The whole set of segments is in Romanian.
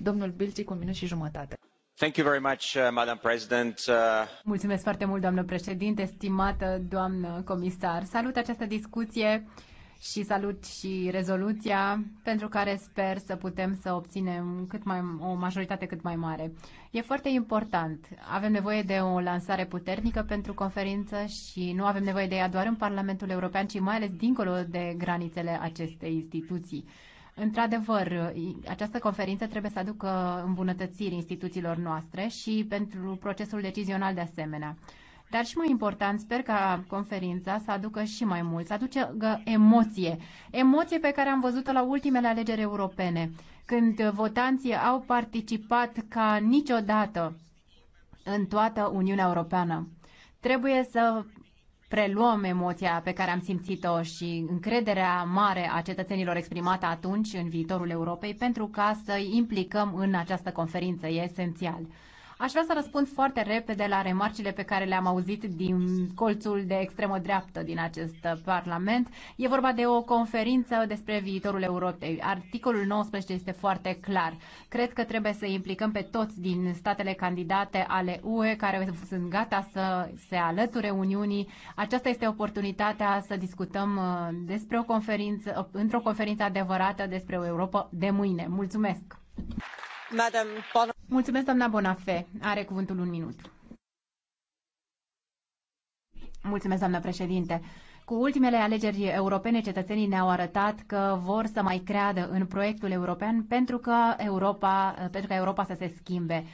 Domnul Bilci, cu un minut și jumătate. Thank you very much, uh, Madam President. Uh, Mulțumesc foarte mult, doamnă președinte, stimată doamnă comisar. Salut această discuție și salut și rezoluția pentru care sper să putem să obținem cât mai, o majoritate cât mai mare. E foarte important. Avem nevoie de o lansare puternică pentru conferință și nu avem nevoie de ea doar în Parlamentul European, ci mai ales dincolo de granițele acestei instituții. Într-adevăr, această conferință trebuie să aducă îmbunătățiri instituțiilor noastre și pentru procesul decizional de asemenea. Dar și mai important, sper ca conferința să aducă și mai mult, să aduce emoție. Emoție pe care am văzut-o la ultimele alegeri europene, când votanții au participat ca niciodată în toată Uniunea Europeană. Trebuie să preluăm emoția pe care am simțit-o și încrederea mare a cetățenilor exprimată atunci în viitorul Europei pentru ca să implicăm în această conferință. E esențial. Aș vrea să răspund foarte repede la remarcile pe care le-am auzit din colțul de extremă dreaptă din acest Parlament. E vorba de o conferință despre viitorul Europei. Articolul 19 este foarte clar. Cred că trebuie să implicăm pe toți din statele candidate ale UE care sunt gata să se alăture Uniunii. Aceasta este oportunitatea să discutăm uh, despre o conferință, uh, într-o conferință adevărată despre o Europa de mâine. Mulțumesc! Mulțumesc, doamna Bonafé. Are cuvântul un minut. Mulțumesc, doamnă președinte. Cu ultimele alegeri europene, cetățenii ne-au arătat că vor să mai creadă în proiectul european pentru că Europa, pentru că Europa să se schimbe.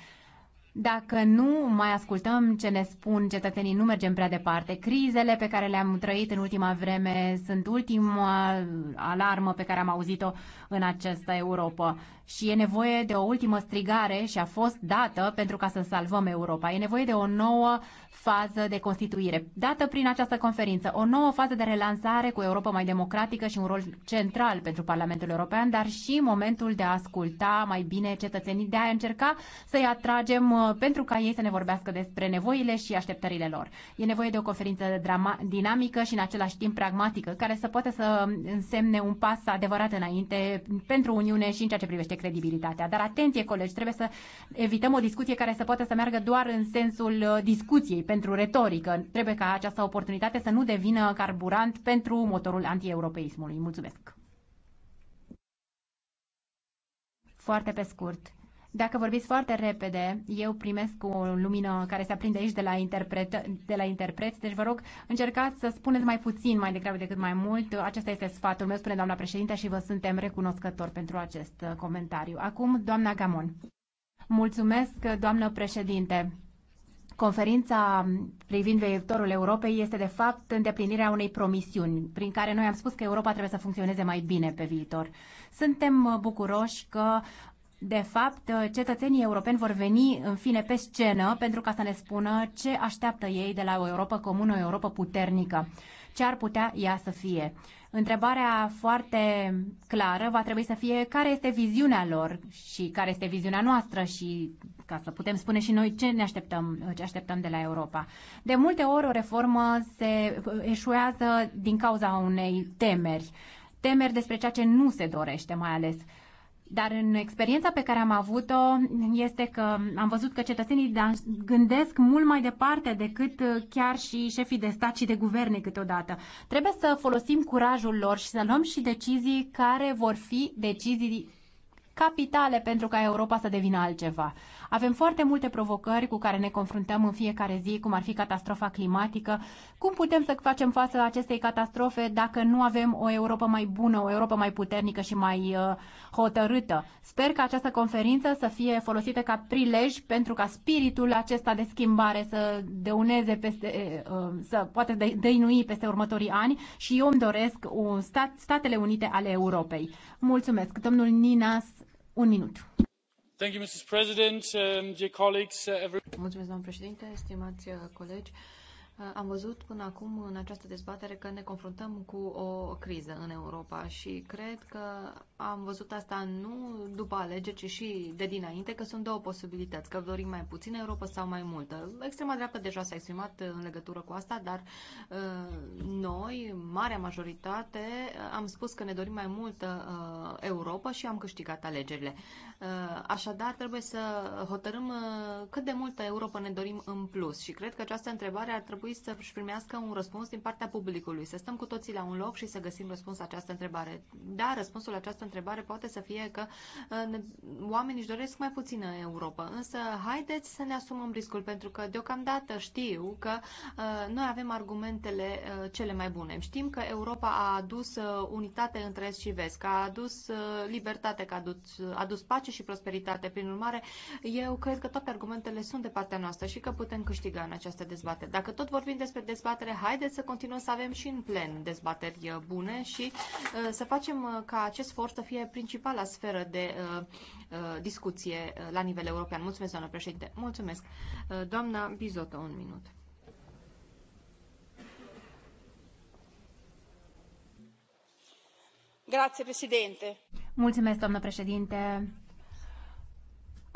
Dacă nu mai ascultăm ce ne spun cetățenii, nu mergem prea departe. Crizele pe care le-am trăit în ultima vreme sunt ultima alarmă pe care am auzit-o în această Europa. Și e nevoie de o ultimă strigare și a fost dată pentru ca să salvăm Europa. E nevoie de o nouă uh, fază de constituire. Dată prin această conferință, o nouă fază de relansare cu Europa mai democratică și un rol central pentru Parlamentul European, dar și momentul de a asculta mai bine cetățenii, de a încerca să-i atragem uh, pentru ca ei să ne vorbească despre nevoile și așteptările lor. E nevoie de o conferință drama- dinamică și în același timp pragmatică, care să poată să însemne un pas adevărat înainte pentru Uniune și în ceea ce privește credibilitatea. Dar atenție, colegi, trebuie să evităm o discuție care să poată să meargă doar în sensul uh, discuției pentru retorică. Trebuie ca această oportunitate să nu devină carburant pentru motorul antieuropeismului. Mulțumesc! Foarte pe scurt. Dacă vorbiți foarte repede, eu primesc o lumină care se aprinde aici de la, interpret, de la interpreți, deci vă rog, încercați să spuneți mai puțin mai degrabă decât mai mult. Acesta este sfatul meu, spune doamna președinte, și vă suntem recunoscători pentru acest comentariu. Acum, doamna Gamon. Mulțumesc, doamnă președinte. Conferința privind viitorul Europei este de fapt îndeplinirea unei promisiuni prin care noi am spus că Europa trebuie să funcționeze mai bine pe viitor. Suntem bucuroși că de fapt, cetățenii europeni vor veni în fine pe scenă pentru ca să ne spună ce așteaptă ei de la o Europa comună, o Europa puternică, ce ar putea ea să fie. Întrebarea foarte clară va trebui să fie care este viziunea lor și care este viziunea noastră și ca să putem spune și noi ce ne așteptăm, ce așteptăm de la Europa. De multe ori o reformă se eșuează din cauza unei temeri temeri despre ceea ce nu se dorește mai ales. Dar în experiența pe care am avut-o este că am văzut că cetățenii da, gândesc mult mai departe decât uh, chiar și șefii de stat și de guverne câteodată. Trebuie să folosim curajul lor și să luăm și decizii care vor fi decizii capitale pentru ca Europa să devină altceva. Avem foarte multe provocări cu care ne confruntăm în fiecare zi, cum ar fi catastrofa climatică. Cum putem să facem față acestei catastrofe dacă nu avem o Europa mai bună, o Europa mai puternică și mai uh, hotărâtă? Sper că această conferință să fie folosită ca prilej pentru ca spiritul acesta de schimbare să deuneze peste, uh, uh, să poate dăinui peste următorii ani și eu îmi doresc un stat, Statele Unite ale Europei. Mulțumesc. Domnul Ninas, un minut. Um, uh, domnule președinte stimați uh, colegi Uh, am văzut până acum în această dezbatere că ne confruntăm cu o criză în Europa și cred că am văzut asta nu după alegeri, ci și de dinainte, că sunt două posibilități, că dorim mai puțin Europa sau mai multă. Extrema dreaptă deja s-a exprimat în legătură cu asta, dar uh, noi, marea majoritate, uh, am spus că ne dorim mai multă Europa și am câștigat alegerile. Așadar, trebuie să hotărâm cât de multă Europa ne dorim în plus și cred că această întrebare ar trebui trebui să-și primească un răspuns din partea publicului, să stăm cu toții la un loc și să găsim răspuns la această întrebare. Da, răspunsul la această întrebare poate să fie că uh, ne, oamenii își doresc mai puțină Europa, însă haideți să ne asumăm riscul, pentru că deocamdată știu că uh, noi avem argumentele uh, cele mai bune. Știm că Europa a adus uh, unitate între Est și Vest, că a adus uh, libertate, că a adus, uh, adus pace și prosperitate. Prin urmare, eu cred că toate argumentele sunt de partea noastră și că putem câștiga în această dezbatere. Dacă tot vorbim despre dezbatere, haideți să continuăm să avem și în plen dezbateri uh, bune și uh, să facem uh, ca acest for să fie principala sferă de discuție la nivel european. Mulțumesc, doamnă președinte. Mulțumesc. Doamna Bizotă, un minut. Grazie, președinte. Mulțumesc, doamnă președinte.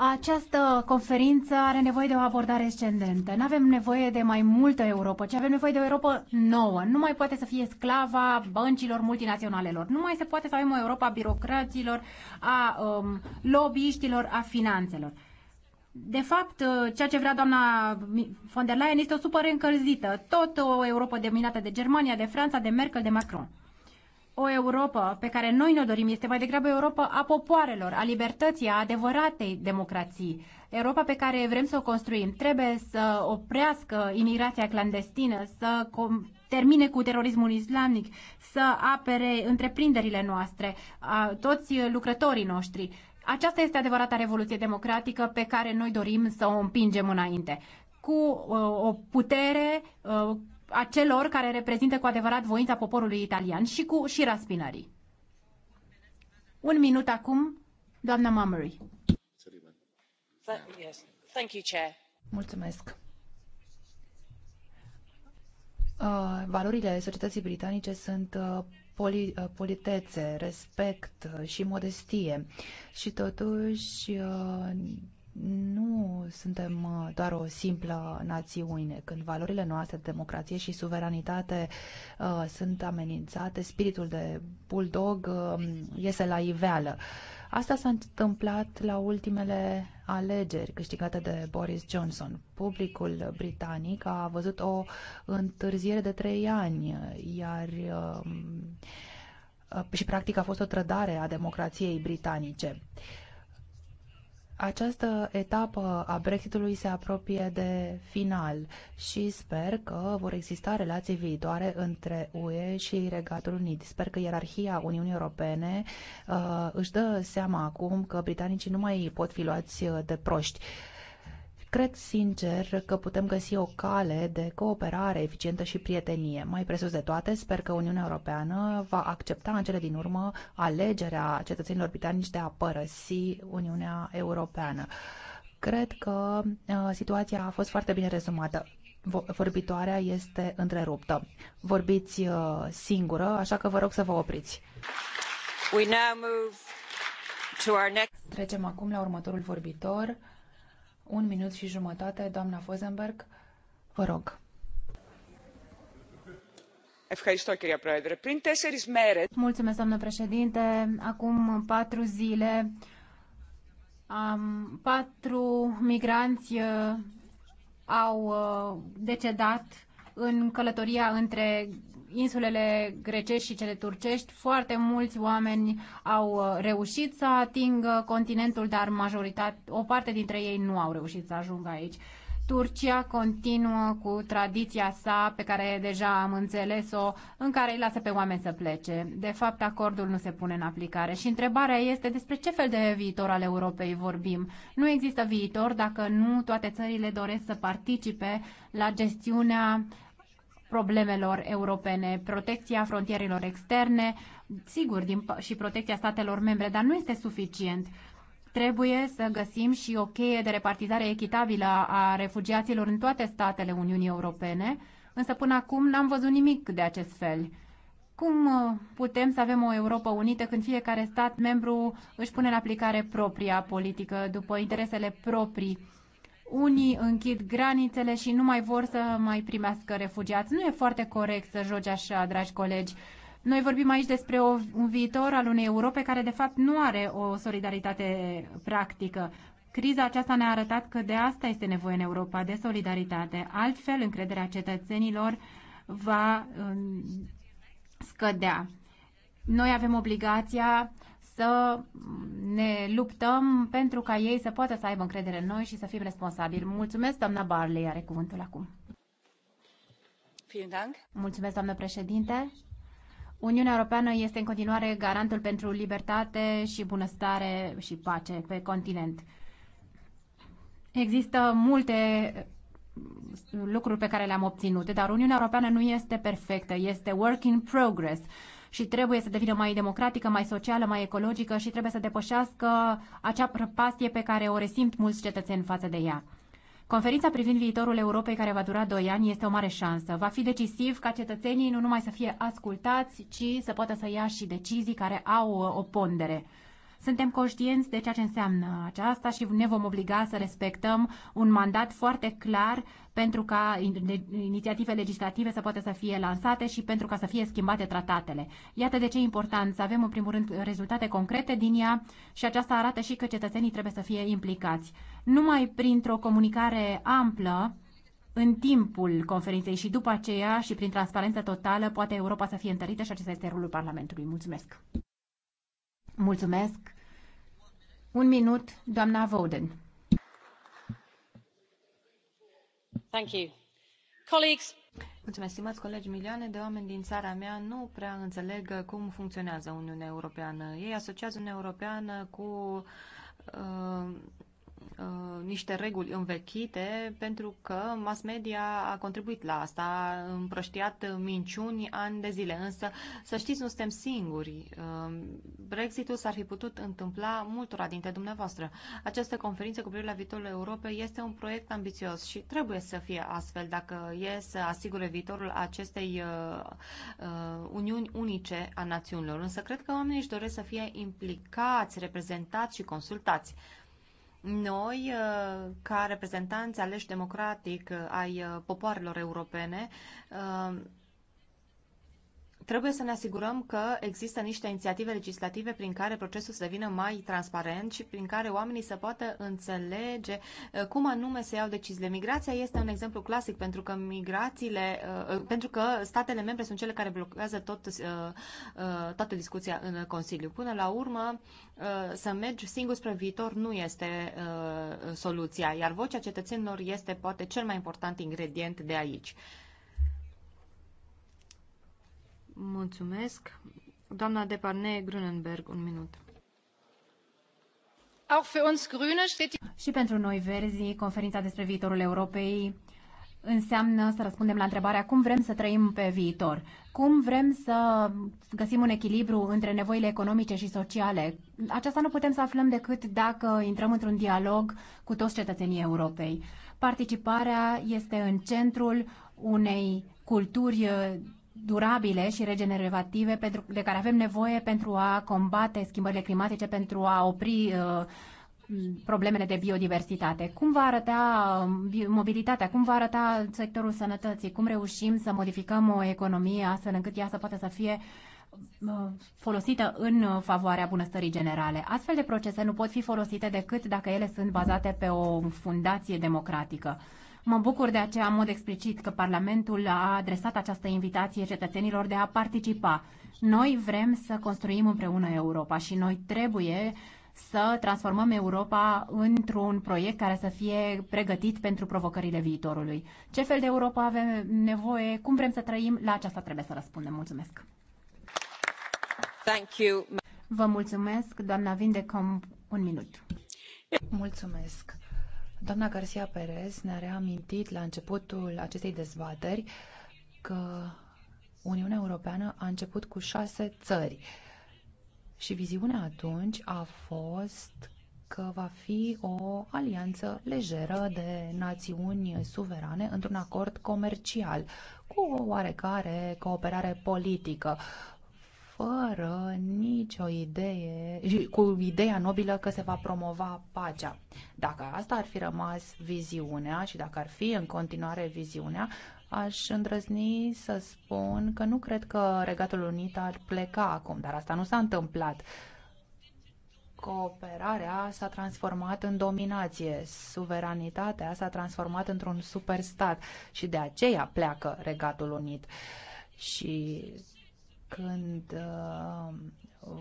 Această conferință are nevoie de o abordare ascendentă. Nu avem nevoie de mai multă Europa, ci avem nevoie de o Europa nouă. Nu mai poate să fie sclava băncilor multinaționalelor. Nu mai se poate să avem o Europa a birocraților, a um, lobbyiștilor, a finanțelor. De fapt, ceea ce vrea doamna von der Leyen este o supără încălzită. Tot o Europa dominată de Germania, de Franța, de Merkel, de Macron o Europa pe care noi ne-o dorim este mai degrabă Europa a popoarelor, a libertății, a adevăratei democrații. Europa pe care vrem să o construim trebuie să oprească imigrația clandestină, să termine cu terorismul islamic, să apere întreprinderile noastre, a, toți lucrătorii noștri. Aceasta este adevărata revoluție democratică pe care noi dorim să o împingem înainte. Cu uh, o putere uh, a celor care reprezintă cu adevărat voința poporului italian și cu și raspinării. Un minut acum, doamna Mamery. Mulțumesc. Uh, valorile societății britanice sunt uh, poli, uh, politețe, respect uh, și modestie. Și totuși, uh, nu suntem uh, doar o simplă națiune. Când valorile noastre, democrație și suveranitate uh, sunt amenințate, spiritul de bulldog uh, iese la iveală. Asta s-a întâmplat la ultimele alegeri câștigate de Boris Johnson. Publicul britanic a văzut o întârziere de trei ani, iar um, și practic a fost o trădare a democrației britanice. Această etapă a Brexitului se apropie de final și sper că vor exista relații viitoare între UE și Regatul Unit. Sper că ierarhia Uniunii Europene uh, își dă seama acum că britanicii nu mai pot fi luați uh, de proști. Uh, Cred sincer că putem găsi o cale de cooperare eficientă și prietenie. Mai presus de toate, sper că Uniunea Europeană va accepta în cele din urmă alegerea cetățenilor britanici de a părăsi Uniunea Europeană. Cred că uh, situația a fost foarte bine rezumată vorbitoarea este întreruptă. Vorbiți uh, singură, așa că vă rog să vă opriți. We now move to our next... Trecem acum la următorul vorbitor. Un minut și jumătate, doamna Fosenberg, vă rog. Mulțumesc, doamnă președinte. Acum patru zile, um, patru migranți uh, au uh, decedat în călătoria între insulele grecești și cele turcești, foarte mulți oameni au uh, reușit să atingă continentul, dar majoritate, o parte dintre ei nu au reușit să ajungă aici. Turcia continuă cu tradiția sa pe care deja am înțeles-o, în care îi lasă pe oameni să plece. De fapt, acordul nu se pune în aplicare și întrebarea este despre ce fel de viitor al Europei vorbim. Nu există viitor dacă nu toate țările doresc să participe la gestiunea uh, problemelor europene, protecția frontierelor externe, sigur, din, și protecția statelor membre, dar nu este suficient. Trebuie să găsim și o cheie de repartizare echitabilă a refugiaților în toate statele Uniunii Europene, însă până acum n-am văzut nimic de acest fel. Cum uh, putem să avem o Europa unită când fiecare stat membru își pune în aplicare propria politică după interesele proprii? unii închid granițele și nu mai vor să mai primească refugiați. Nu e foarte corect să joci așa, dragi colegi. Noi vorbim aici despre o, un viitor al unei Europe care, de fapt, nu are o solidaritate practică. Criza aceasta ne-a arătat că de asta este nevoie în Europa, de solidaritate. Altfel, încrederea cetățenilor va uh, scădea. Noi avem obligația să ne luptăm pentru ca ei să poată să aibă încredere în noi și să fim responsabili. Mulțumesc, doamna Barley, are cuvântul acum. Mulțumesc, doamnă președinte. Uniunea Europeană este în continuare garantul pentru libertate și bunăstare și pace pe continent. Există multe uh, lucruri pe care le-am obținut, dar Uniunea Europeană nu este perfectă, este work in progress și trebuie să devină mai democratică, mai socială, mai ecologică și trebuie să depășească acea prăpastie pe care o resimt mulți cetățeni față de ea. Conferința privind viitorul Europei, care va dura 2 ani, este o mare șansă. Va fi decisiv ca cetățenii nu numai să fie ascultați, ci să poată să ia și decizii care au uh, o pondere. Suntem conștienți de ceea ce înseamnă aceasta și ne vom obliga să respectăm un mandat foarte clar pentru ca inițiative legislative să poată să fie lansate și pentru ca să fie schimbate tratatele. Iată de ce e important să avem, în primul rând, rezultate concrete din ea și aceasta arată și că cetățenii trebuie să fie implicați. Numai printr-o comunicare amplă, în timpul conferinței și după aceea și prin transparență totală poate Europa să fie întărită și acesta este rolul Parlamentului. Mulțumesc! Mulțumesc. Un minut, doamna Voden. Thank you. Colleagues, Mulțumesc, stimați colegi. Milioane de oameni din țara mea nu prea înțeleg cum funcționează Uniunea Europeană. Ei asociază Uniunea Europeană cu uh, Uh, niște reguli învechite pentru că mass media a contribuit la asta, a împrăștiat minciuni ani de zile. Însă, să știți, nu suntem singuri. Uh, Brexitul s-ar fi putut întâmpla multora dintre dumneavoastră. Această conferință cu privire la viitorul Europei este un proiect ambițios și trebuie să fie astfel dacă e să asigure viitorul acestei uh, uniuni unice a națiunilor. Însă, cred că oamenii își doresc să fie implicați, reprezentați și consultați. Noi, uh, ca reprezentanți aleși democratic uh, ai uh, popoarelor europene, Trebuie să ne asigurăm că există niște inițiative legislative prin care procesul să devină mai transparent și prin care oamenii să poată înțelege uh, cum anume se iau deciziile. Migrația este un exemplu clasic pentru că migrațiile, uh, uh, pentru că statele membre sunt cele care blochează tot, toată discuția în Consiliu. Până la urmă, să mergi singur spre viitor nu este soluția, iar vocea cetățenilor este poate cel mai important ingredient de aici. Mulțumesc. Doamna Deparne Grunenberg, un minut. Și pentru noi verzi, conferința despre viitorul Europei înseamnă să răspundem la întrebarea cum vrem să trăim pe viitor, cum vrem să găsim un echilibru între nevoile economice și sociale. Aceasta nu putem să aflăm decât dacă intrăm într-un dialog cu toți cetățenii Europei. Participarea este în centrul unei culturi durabile și regenerative pentru, de care avem nevoie pentru a combate schimbările climatice, pentru a opri uh, problemele de biodiversitate. Cum va arăta um, mobilitatea? Cum va arăta sectorul sănătății? Cum reușim să modificăm o economie astfel încât ea să poată să fie uh, folosită în favoarea bunăstării generale. Astfel de procese nu pot fi folosite decât dacă ele sunt bazate pe o fundație democratică. Mă bucur de aceea în mod explicit că Parlamentul a adresat această invitație cetățenilor de a participa. Noi vrem să construim împreună Europa și noi trebuie să transformăm Europa într-un proiect care să fie pregătit pentru provocările viitorului. Ce fel de Europa avem nevoie? Cum vrem să trăim? La aceasta trebuie să răspundem. Mulțumesc! Thank you. Vă mulțumesc, doamna Vindecom, un minut. Mulțumesc. Doamna Garcia Perez ne-a reamintit la începutul acestei dezbateri că Uniunea Europeană a început cu șase țări și viziunea atunci a fost că va fi o alianță lejeră de națiuni suverane într-un acord comercial cu o oarecare cooperare politică, fără nicio idee, cu ideea nobilă că se va promova pacea. Dacă asta ar fi rămas viziunea și dacă ar fi în continuare viziunea, aș îndrăzni să spun că nu cred că Regatul Unit ar pleca acum, dar asta nu s-a întâmplat. Cooperarea s-a transformat în dominație, suveranitatea s-a transformat într-un superstat și de aceea pleacă Regatul Unit. Și când uh,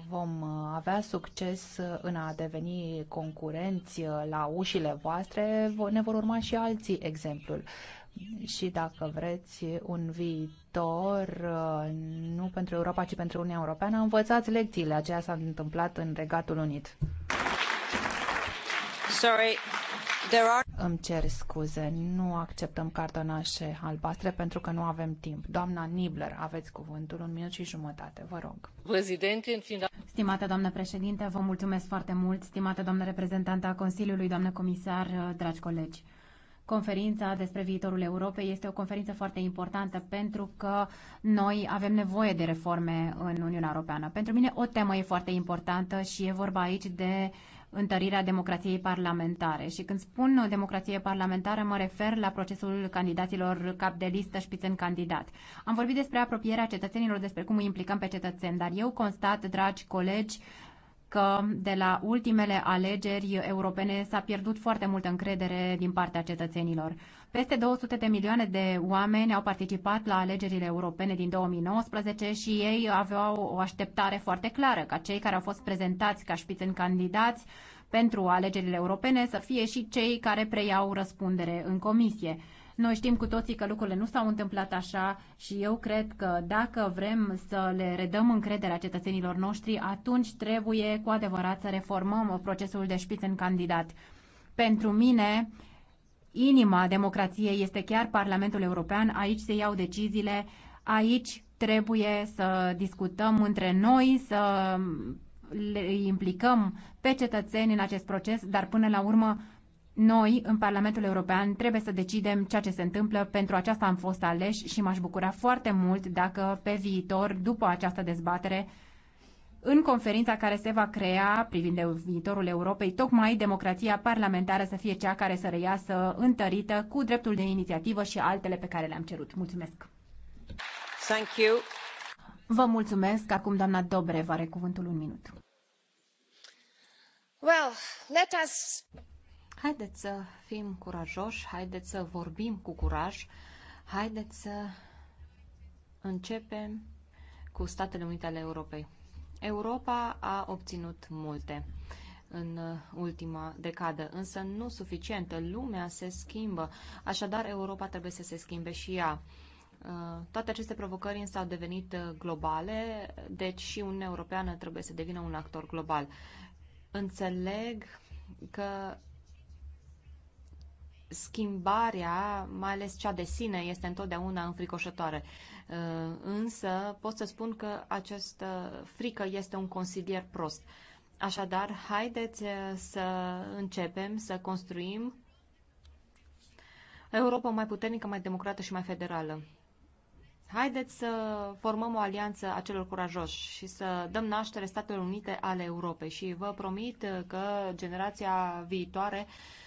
vom uh, avea succes în a deveni concurenți uh, la ușile voastre, ne vor urma și alții exemplul. Și dacă vreți un viitor, nu pentru Europa, ci pentru Uniunea Europeană, învățați lecțiile. Aceea s-a întâmplat în Regatul Unit. Sorry, there are... Îmi cer scuze, nu acceptăm cartonașe albastre pentru că nu avem timp. Doamna Nibler, aveți cuvântul, un minut și jumătate, vă rog. Președinte, final... Stimată doamnă președinte, vă mulțumesc foarte mult, stimată doamnă reprezentantă a Consiliului, doamnă comisar, dragi colegi. Conferința despre viitorul Europei este o conferință foarte importantă pentru că noi avem nevoie de reforme în Uniunea Europeană. Pentru mine o temă e foarte importantă și e vorba aici de uh, întărirea democrației parlamentare. Și când spun o democrație parlamentară, mă refer la procesul candidaților cap de listă și în candidat. Am vorbit despre apropierea cetățenilor, despre cum îi implicăm pe cetățeni, dar eu constat, dragi colegi, că de la ultimele alegeri europene s-a pierdut foarte multă încredere din partea cetățenilor. Peste 200 de milioane de oameni au participat la alegerile europene din 2019 și ei aveau o așteptare foarte clară ca cei care au fost prezentați ca în candidați pentru alegerile europene să fie și cei care preiau răspundere în comisie. Noi știm cu toții că lucrurile nu s-au întâmplat așa și eu cred că dacă vrem să le redăm încrederea cetățenilor noștri, atunci trebuie cu adevărat să reformăm procesul de șpiț în candidat. Pentru mine, inima democrației este chiar Parlamentul European, aici se iau deciziile, aici trebuie să discutăm între noi, să le implicăm pe cetățeni în acest proces, dar până la urmă noi, în Parlamentul European, trebuie să decidem ceea ce se întâmplă. Pentru aceasta am fost aleși și m-aș bucura foarte mult dacă pe viitor, după această dezbatere, în conferința care se va crea privind viitorul Europei, tocmai democrația parlamentară să fie cea care să reiasă întărită cu dreptul de inițiativă și altele pe care le-am cerut. Mulțumesc! Thank you. Vă mulțumesc. Acum doamna Dobre are cuvântul un minut. Well, let us Haideți să fim curajoși, haideți să vorbim cu curaj, haideți să începem cu Statele Unite ale Europei. Europa a obținut multe în ultima decadă, însă nu suficientă. Lumea se schimbă, așadar Europa trebuie să se schimbe și ea. Uh, toate aceste provocări însă au devenit uh, globale, deci și Uniunea Europeană trebuie să devină un actor global. Înțeleg că schimbarea, mai ales cea de sine, este întotdeauna înfricoșătoare. Uh, însă pot să spun că această frică este un consilier prost. Așadar, haideți uh, să începem să construim Europa mai puternică, mai democrată și mai federală. Haideți să formăm o alianță a celor curajoși și să dăm naștere Statelor Unite ale Europei și vă promit uh, că generația viitoare uh,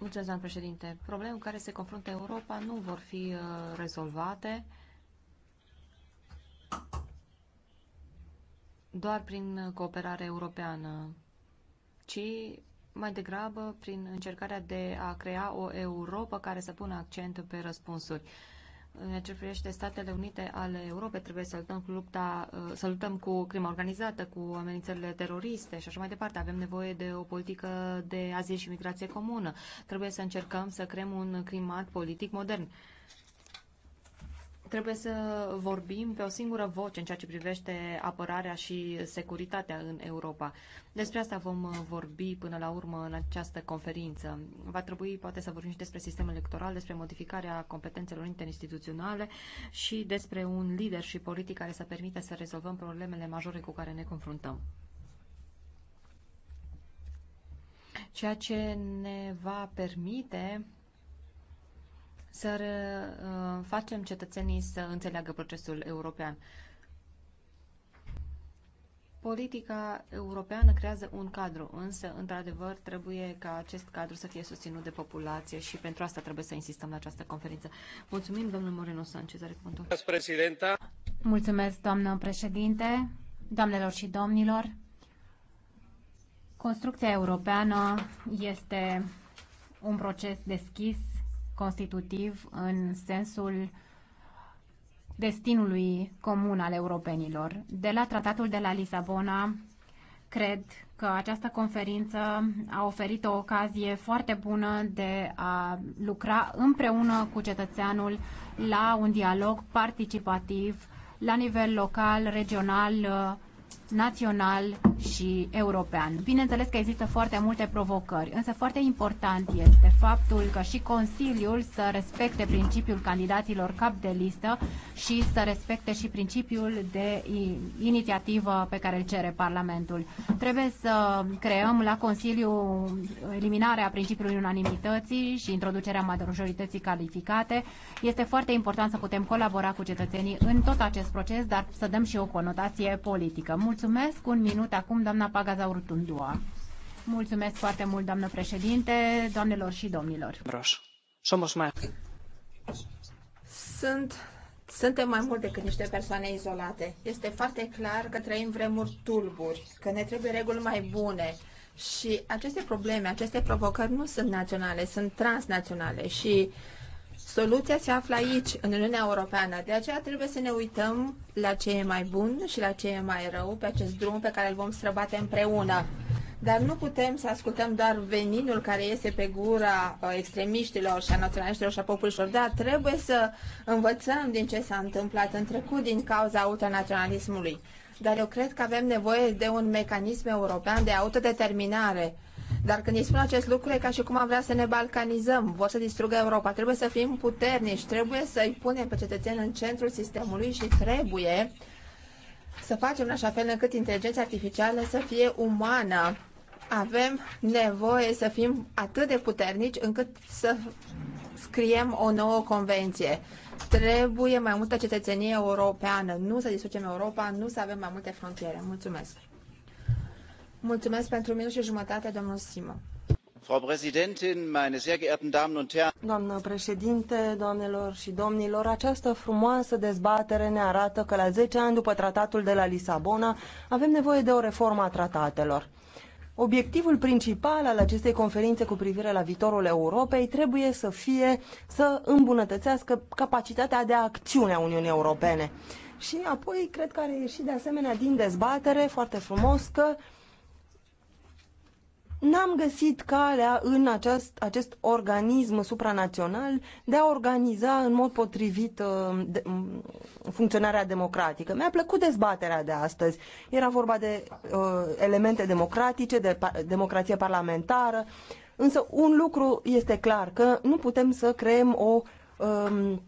Mulțumesc, doamnă președinte. Probleme cu care se confruntă Europa nu vor fi uh, rezolvate doar prin cooperare europeană, ci mai degrabă prin încercarea de a crea o Europa care să pună accent pe răspunsuri în ce privește Statele Unite ale Europei, trebuie să luptăm cu lupta, uh, să luptăm cu crima organizată, cu amenințările teroriste și așa mai departe. Avem nevoie de o politică de azil și migrație comună. Trebuie să încercăm să creăm un climat politic modern. Trebuie să vorbim pe o singură voce în ceea ce privește apărarea și securitatea în Europa. Despre asta vom vorbi până la urmă în această conferință. Va trebui poate să vorbim și despre sistemul electoral, despre modificarea competențelor interinstituționale și despre un lider și politic care să permite să rezolvăm problemele majore cu care ne confruntăm. Ceea ce ne va permite să uh, facem cetățenii să înțeleagă procesul european. Politica europeană creează un cadru, însă, într-adevăr, trebuie ca acest cadru să fie susținut de populație și pentru asta trebuie să insistăm la această conferință. Mulțumim, domnul Moreno Sanchez, are cuvântul. Mulțumesc, doamnă președinte, doamnelor și domnilor. Construcția europeană este un proces deschis constitutiv în sensul destinului comun al europenilor. De la tratatul de la Lisabona, cred că această conferință a oferit o ocazie foarte bună de a lucra împreună cu cetățeanul la un dialog participativ la nivel local, regional, național și european. Bineînțeles că există foarte multe provocări, însă foarte important este faptul că și Consiliul să respecte principiul candidaților cap de listă și să respecte și principiul de inițiativă pe care îl cere Parlamentul. Trebuie să creăm la Consiliu eliminarea principiului unanimității și introducerea majorității calificate. Este foarte important să putem colabora cu cetățenii în tot acest proces, dar să dăm și o conotație politică. Mulțumesc. Un minut acum, doamna Pagaza Urtundua. Mulțumesc foarte mult, doamnă președinte, doamnelor și domnilor. Broș. Somos mai... Sunt suntem mai mult decât niște persoane izolate. Este foarte clar că trăim vremuri tulburi, că ne trebuie reguli mai bune. Și aceste probleme, aceste provocări nu sunt naționale, sunt transnaționale și uh, Soluția se află aici, în Uniunea Europeană. De aceea trebuie să ne uităm la ce e mai bun și la ce e mai rău pe acest drum pe care îl vom străbate împreună. Dar nu putem să ascultăm doar veninul care iese pe gura uh, extremiștilor și a naționaliștilor și a populiștilor. Da, trebuie să învățăm din ce s-a întâmplat în trecut din cauza autonaționalismului. Dar eu cred că avem nevoie de un mecanism european de autodeterminare dar când ei spun acest lucru, e ca și cum am vrea să ne balcanizăm, vor să distrugă Europa. Trebuie să fim puternici, trebuie să îi punem pe cetățeni în centrul sistemului și trebuie să facem în așa fel încât inteligența artificială să fie umană. Avem nevoie să fim atât de puternici încât să scriem o nouă convenție. Trebuie mai multă cetățenie europeană, nu să distrugem Europa, nu să avem mai multe frontiere. Mulțumesc! pentru Frau Präsidentin, meine sehr geehrten Damen und Herren. Doamnă președinte, doamnelor și domnilor, această frumoasă dezbatere ne arată că la zece ani după tratatul de la Lisabona avem nevoie de o reformă a tratatelor. Obiectivul principal al acestei conferințe cu privire la viitorul Europei trebuie să fie să îmbunătățească capacitatea de acțiune a Uniunii Europene. Și apoi, cred că a ieșit de asemenea din dezbatere foarte frumos că uh, n-am găsit calea în acest, acest organism supranațional de a organiza în mod potrivit uh, de, um, funcționarea democratică. Mi-a plăcut dezbaterea de astăzi. Era vorba de uh, elemente democratice, de pa- democrație parlamentară, însă un lucru este clar, că nu putem să creăm o um,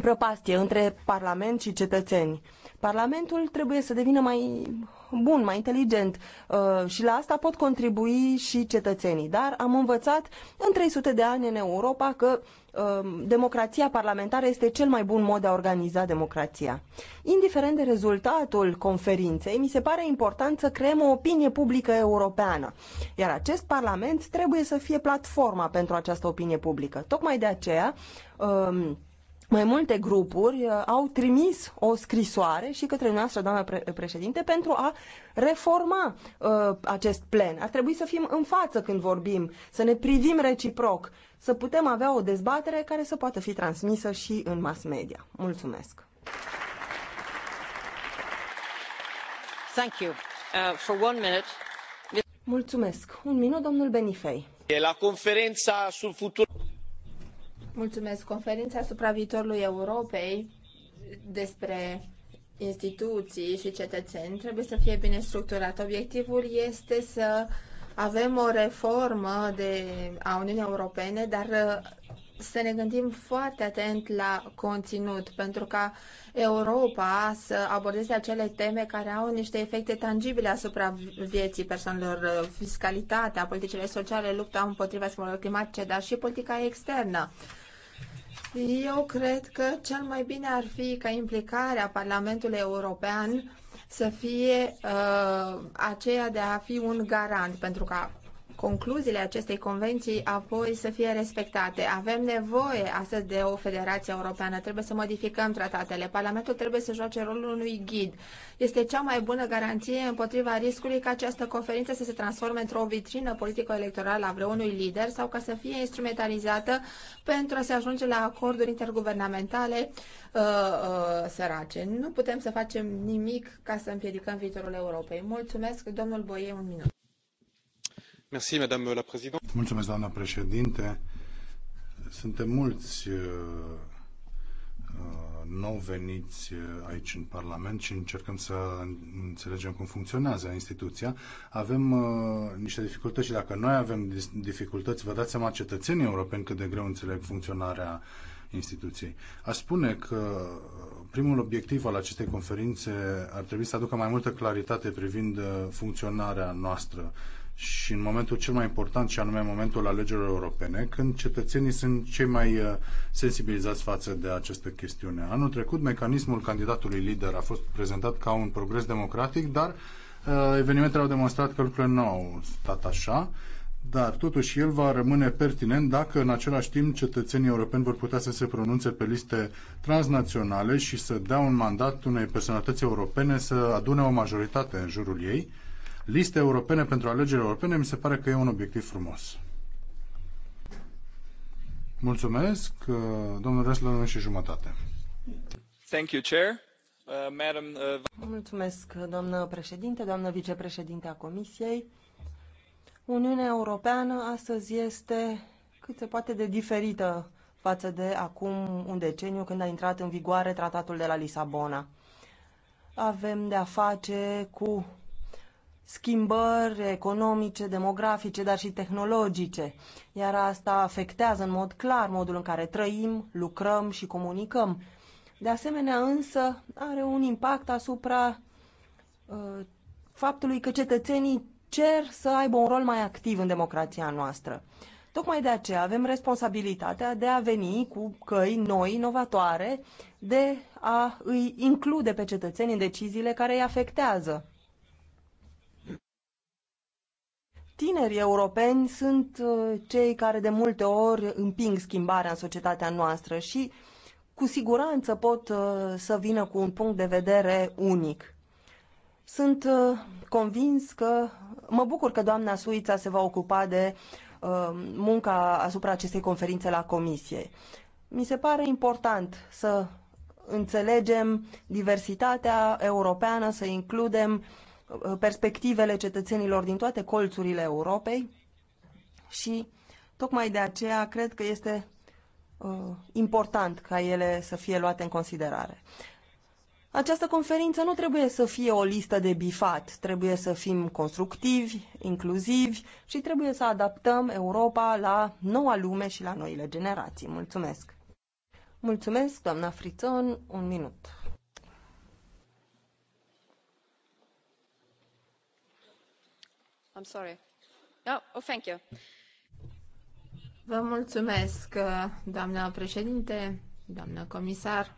prăpastie între Parlament și cetățeni. Parlamentul trebuie să devină mai bun, mai inteligent uh, și la asta pot contribui și cetățenii. Dar am învățat în 300 de ani în Europa că uh, democrația parlamentară este cel mai bun mod de a organiza democrația. Indiferent de rezultatul conferinței, mi se pare important să creăm o opinie publică europeană, iar acest parlament trebuie să fie platforma pentru această opinie publică. Tocmai de aceea, uh, mai multe grupuri uh, au trimis o scrisoare și către noastră, doamna pre președinte, pentru a reforma uh, acest plen. Ar trebui să fim în față când vorbim, să ne privim reciproc, să putem avea o dezbatere care să poată fi transmisă și în mass media. Mulțumesc! Thank you. Uh, for one minute. Mulțumesc. Un minut, domnul Benifei. E la conferința sul futur Mulțumesc. Conferința asupra viitorului Europei despre instituții și cetățeni trebuie să fie bine structurată. Obiectivul este să avem o reformă de, a Uniunii Europene, dar uh, să ne gândim foarte atent la conținut, pentru ca Europa să abordeze acele teme care au niște efecte tangibile asupra vieții persoanelor, uh, fiscalitatea, politicile sociale, lupta împotriva schimbărilor climatice, dar și politica externă. Eu cred că cel mai bine ar fi ca implicarea Parlamentului European să fie uh, aceea de a fi un garant pentru că concluziile acestei convenții apoi să fie respectate. Avem nevoie astăzi de o federație europeană, trebuie să modificăm tratatele. Parlamentul trebuie să joace rolul unui ghid. Este cea mai bună garanție împotriva riscului ca această conferință să se transforme într-o vitrină politico-electorală a vreunui lider sau ca să fie instrumentalizată pentru a se ajunge la acorduri interguvernamentale uh, uh, sărace. Nu putem să facem nimic ca să împiedicăm viitorul Europei. Mulțumesc, domnul Boie, un minut. Mulțumesc, doamna președinte. Suntem mulți uh, uh, nou veniți uh, aici în Parlament și încercăm să înțelegem cum funcționează instituția. Avem niște dificultăți și dacă noi avem dificultăți, vă dați seama cetățenii europeni cât de greu înțeleg funcționarea instituției. Aș spune că primul obiectiv al acestei conferințe ar trebui să aducă mai multă claritate privind funcționarea noastră uh, și în momentul cel mai important, și anume momentul alegerilor europene, când cetățenii sunt cei mai uh, sensibilizați față de această chestiune. Anul trecut, mecanismul candidatului lider a fost prezentat ca un progres democratic, dar uh, evenimentele au demonstrat că lucrurile nu au stat așa, dar totuși el va rămâne pertinent dacă în același timp cetățenii europeni vor putea să se pronunțe pe liste transnaționale și să dea un mandat unei personalități europene să adune o majoritate în jurul ei liste europene pentru alegeri europene, mi se pare că e un obiectiv frumos. Mulțumesc, uh, domnul Resler, și jumătate. Thank you, Chair. Uh, Madam, uh... Mulțumesc, doamnă președinte, doamnă vicepreședinte a Comisiei. Uniunea Europeană astăzi este cât se poate de diferită față de acum un deceniu când a intrat în vigoare tratatul de la Lisabona. Avem de-a face cu schimbări economice, demografice, dar și tehnologice, iar asta afectează în mod clar modul în care trăim, lucrăm și comunicăm. De asemenea, însă, are un impact asupra uh, faptului că cetățenii cer să aibă un rol mai activ în democrația noastră. Tocmai de aceea avem responsabilitatea de a veni cu căi noi, inovatoare, de a îi include pe cetățeni în deciziile care îi afectează. Tinerii europeni sunt uh, cei care de multe ori împing schimbarea în societatea noastră și cu siguranță pot uh, să vină cu un punct de vedere unic. Sunt uh, convins că mă bucur că doamna Suița se va ocupa de munca asupra acestei conferințe la comisie. Mi se pare important să înțelegem diversitatea europeană, să includem perspectivele cetățenilor din toate colțurile Europei și tocmai de aceea cred că este uh, important ca ele să fie luate în considerare. Această conferință nu trebuie să fie o listă de bifat, trebuie să fim constructivi, inclusivi și trebuie să adaptăm Europa la noua lume și la noile generații. Mulțumesc! Mulțumesc, doamna Frițon, un minut. Oh, oh, Vă mulțumesc, uh, doamnă președinte, doamnă comisar.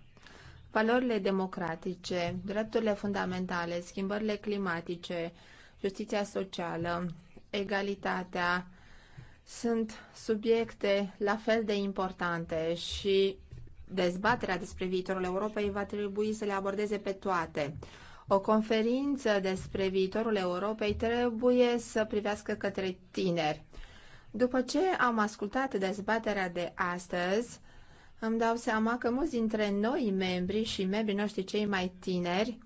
Valorile democratice, drepturile fundamentale, schimbările climatice, justiția socială, egalitatea sunt subiecte la fel de importante și dezbaterea despre viitorul Europei va trebui să le abordeze pe toate. O conferință despre viitorul Europei trebuie să privească către tineri. După ce am ascultat dezbaterea de astăzi, îmi dau seama că mulți dintre noi membri și membrii noștri cei mai tineri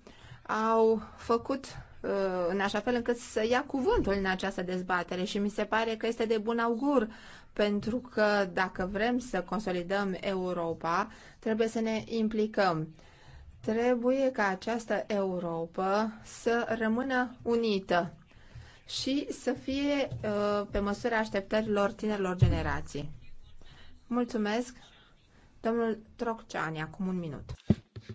au făcut uh, în așa fel încât să ia cuvântul în această dezbatere și mi se pare că este de bun augur, pentru că dacă vrem să consolidăm Europa, trebuie să ne implicăm. Trebuie ca această Europa să rămână unită și să fie uh, pe măsura așteptărilor tinerilor generații. Mulțumesc. Domnul Trocceani, acum un minut.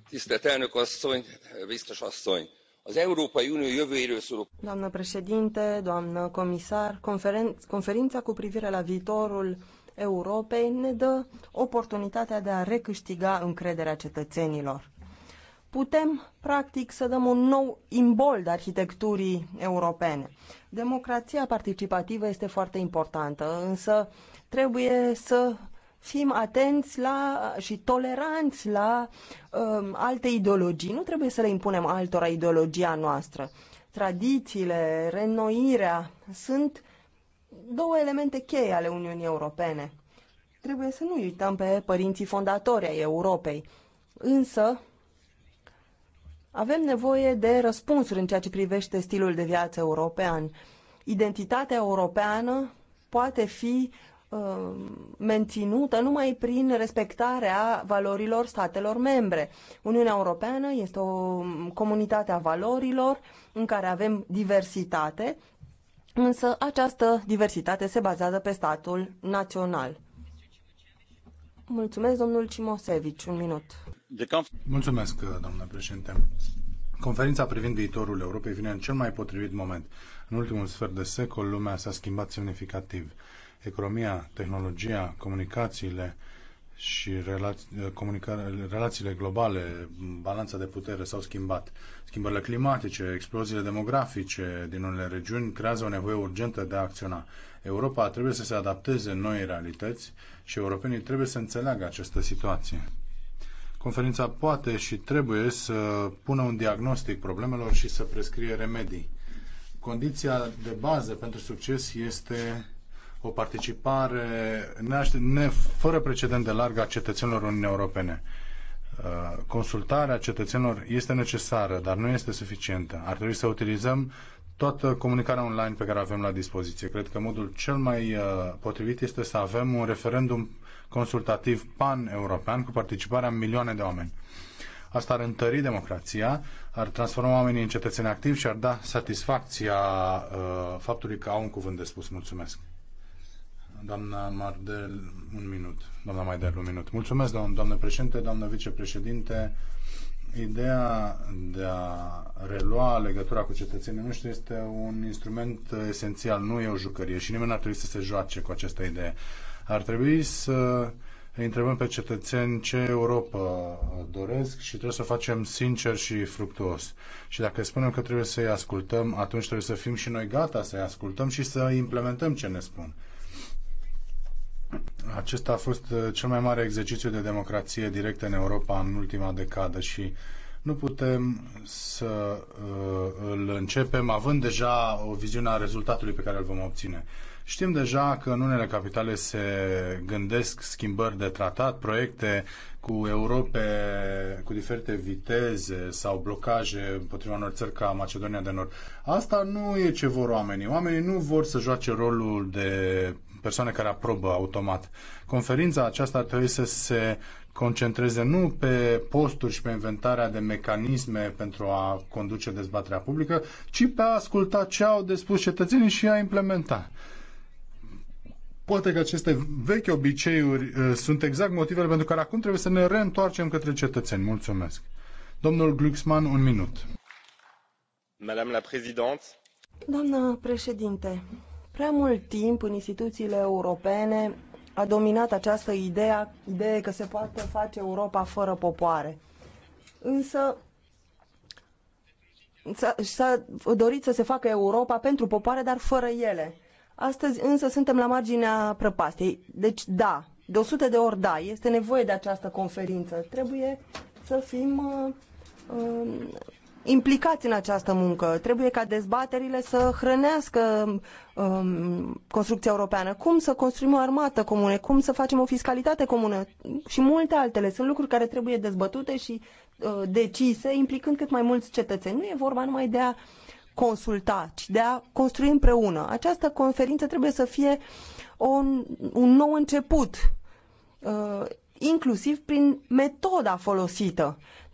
Tisztelt elnök asszony, biztos asszony! Az Európai Unió jövőjéről szóló... Doamnă președinte, doamnă comisar, conferen- conferința cu privire la viitorul Europei ne dă oportunitatea de a recâștiga încrederea cetățenilor putem, practic, să dăm un nou imbold arhitecturii europene. Democrația participativă este foarte importantă, însă trebuie să fim atenți la și toleranți la um, alte ideologii. Nu trebuie să le impunem altora ideologia noastră. Tradițiile, renoirea sunt două elemente cheie ale Uniunii Europene. Trebuie să nu uităm pe părinții fondatori ai Europei. Însă, avem nevoie de răspunsuri în ceea ce privește stilul de viață european. Identitatea europeană poate fi uh, menținută numai prin respectarea valorilor statelor membre. Uniunea Europeană este o comunitate a valorilor în care avem diversitate, însă această diversitate se bazează pe statul național. Mulțumesc, domnul Cimosevici. Un minut. Mulțumesc, doamnă președinte. Conferința privind viitorul Europei vine în cel mai potrivit moment. În ultimul sfert de secol, lumea s-a schimbat semnificativ. Economia, tehnologia, comunicațiile, și relaț- relațiile globale, balanța de putere s-au schimbat. Schimbările climatice, exploziile demografice din unele regiuni creează o nevoie urgentă de a acționa. Europa trebuie să se adapteze în noi realități și europenii trebuie să înțeleagă această situație. Conferința poate și trebuie să pună un diagnostic problemelor și să prescrie remedii. Condiția de bază pentru succes este o participare ne fără precedent de larg a cetățenilor Uniunii Europene. Uh, consultarea cetățenilor este necesară, dar nu este suficientă. Ar trebui să utilizăm toată comunicarea online pe care o avem la dispoziție. Cred că modul cel mai uh, potrivit este să avem un referendum consultativ pan-european cu participarea milioane de oameni. Asta ar întări democrația, ar transforma oamenii în cetățeni activi și ar da satisfacția uh, faptului că au un cuvânt de spus. Mulțumesc! Doamna Mardel, un minut. Doamna Maidel, un minut. Mulțumesc, doamnă, doamnă președinte, doamnă vicepreședinte. Ideea de a relua legătura cu cetățenii noștri este un instrument esențial, nu e o jucărie și nimeni nu ar trebui să se joace cu această idee. Ar trebui să îi întrebăm pe cetățeni ce Europa doresc și trebuie să o facem sincer și fructuos. Și dacă spunem că trebuie să-i ascultăm, atunci trebuie să fim și noi gata să-i ascultăm și să implementăm ce ne spun. Acesta a fost uh, cel mai mare exercițiu de democrație directă în Europa în ultima decadă și nu putem să uh, îl începem având deja o viziune a rezultatului pe care îl vom obține. Știm deja că în unele capitale se gândesc schimbări de tratat, proiecte cu Europe cu diferite viteze sau blocaje împotriva unor țări ca Macedonia de Nord. Asta nu e ce vor oamenii. Oamenii nu vor să joace rolul de persoane care aprobă automat. Conferința aceasta ar trebui să se concentreze nu pe posturi și pe inventarea de mecanisme pentru a conduce dezbaterea publică, ci pe a asculta ce au de spus cetățenii și a implementa. Poate că aceste vechi obiceiuri uh, sunt exact motivele pentru care acum trebuie să ne reîntoarcem către cetățeni. Mulțumesc. Domnul Glucksmann, un minut. Madame la Doamna președinte, Prea mult timp în instituțiile europene a dominat această idee, idee că se poate face Europa fără popoare. Însă s-a dorit să se facă Europa pentru popoare, dar fără ele. Astăzi însă suntem la marginea prăpastiei. Deci da, de 100 de ori da, este nevoie de această conferință. Trebuie să fim uh, uh, implicați în această muncă. Trebuie ca dezbaterile să hrănească um, construcția europeană. Cum să construim o armată comună, cum să facem o fiscalitate comună și multe altele. Sunt lucruri care trebuie dezbătute și uh, decise, implicând cât mai mulți cetățeni. Nu e vorba numai de a consulta, ci de a construi împreună. Această conferință trebuie să fie un, un nou început. Uh, inclusiv prin metoda folosită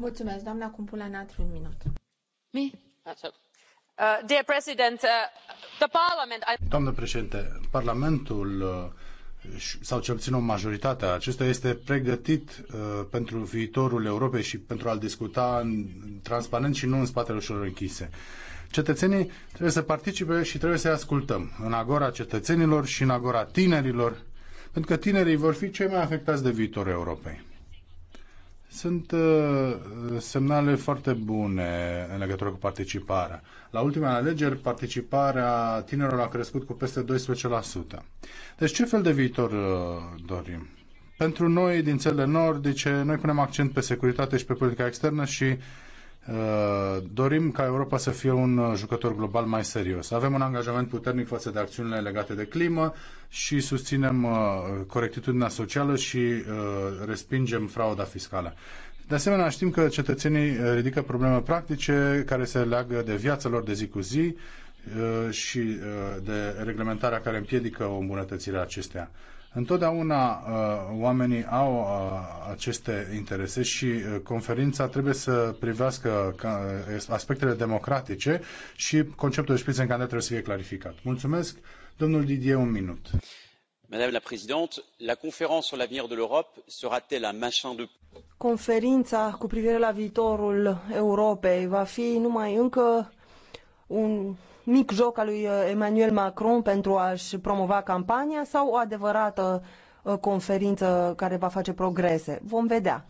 Mulțumesc, un minut. Mi? Uh, dear President, uh, the Parliament... Doamnă președinte, Parlamentul uh, sau cel puțin o majoritate a acestuia este pregătit pentru viitorul Europei și pentru a-l discuta în, transparent și nu în spatele ușilor închise. Cetățenii trebuie să participe și trebuie să-i ascultăm în agora cetățenilor și în agora tinerilor, pentru că tinerii vor fi cei mai afectați de viitorul Europei. Sunt uh, semnale foarte bune în legătură cu participarea. La ultimele alegeri, participarea tinerilor a crescut cu peste 12%. Deci ce fel de viitor uh, dorim? Pentru noi, din țările nordice, noi punem accent pe securitate și pe politica externă și Uh, dorim ca Europa să fie un uh, jucător global mai serios. Avem un angajament puternic față de acțiunile legate de climă și susținem uh, corectitudinea socială și respingem frauda fiscală. De asemenea, știm că cetățenii ridică probleme practice care se leagă de viața lor de zi cu zi și de reglementarea care împiedică o îmbunătățire a acesteia. Întotdeauna uh, oamenii au uh, aceste interese și uh, conferința trebuie să privească aspectele democratice și conceptul de în candidat trebuie să fie clarificat. Mulțumesc. Domnul Didier, un minut. Madame la Présidente, la conférence sur l'avenir de l'Europe sera-t-elle un machin de... Conferința cu privire la viitorul Europei va fi numai încă un mic joc al lui uh, Emmanuel Macron pentru a-și promova campania sau o adevărată uh, conferință care va face progrese? Vom vedea.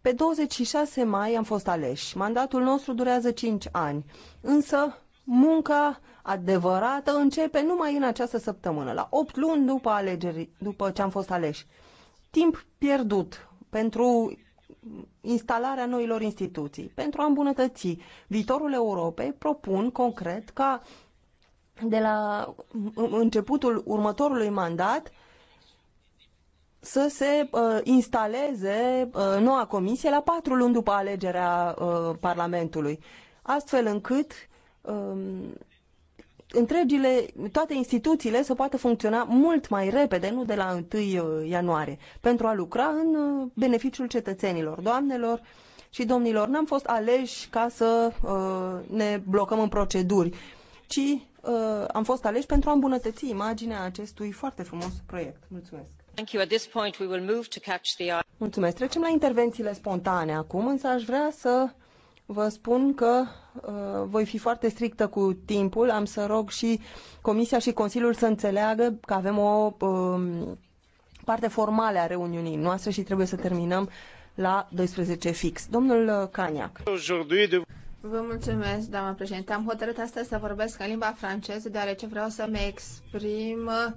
Pe 26 mai am fost aleși. Mandatul nostru durează 5 ani. Însă munca adevărată începe numai în această săptămână, la 8 luni după alegeri, după ce am fost aleși. Timp pierdut pentru instalarea noilor instituții. Pentru a îmbunătăți viitorul Europei, propun concret ca de la începutul următorului mandat să se uh, instaleze uh, noua comisie la patru luni după alegerea uh, Parlamentului, astfel încât uh, întregile, toate instituțiile să poată funcționa mult mai repede, nu de la 1 uh, ianuarie, pentru a lucra în uh, beneficiul cetățenilor, doamnelor și domnilor. N-am fost aleși ca să uh, ne blocăm în proceduri, ci uh, am fost aleși pentru a îmbunătăți imaginea acestui foarte frumos proiect. Mulțumesc! Mulțumesc. Trecem la intervențiile spontane acum, însă aș vrea să vă spun că Uh, voi fi foarte strictă cu timpul. Am să rog și Comisia și Consiliul să înțeleagă că avem o um, parte formală a reuniunii noastre și trebuie să terminăm la 12 fix. Domnul uh, Caniac. Vă mulțumesc, doamna președinte. Am hotărât astăzi să vorbesc în limba franceză, deoarece vreau să-mi exprim uh,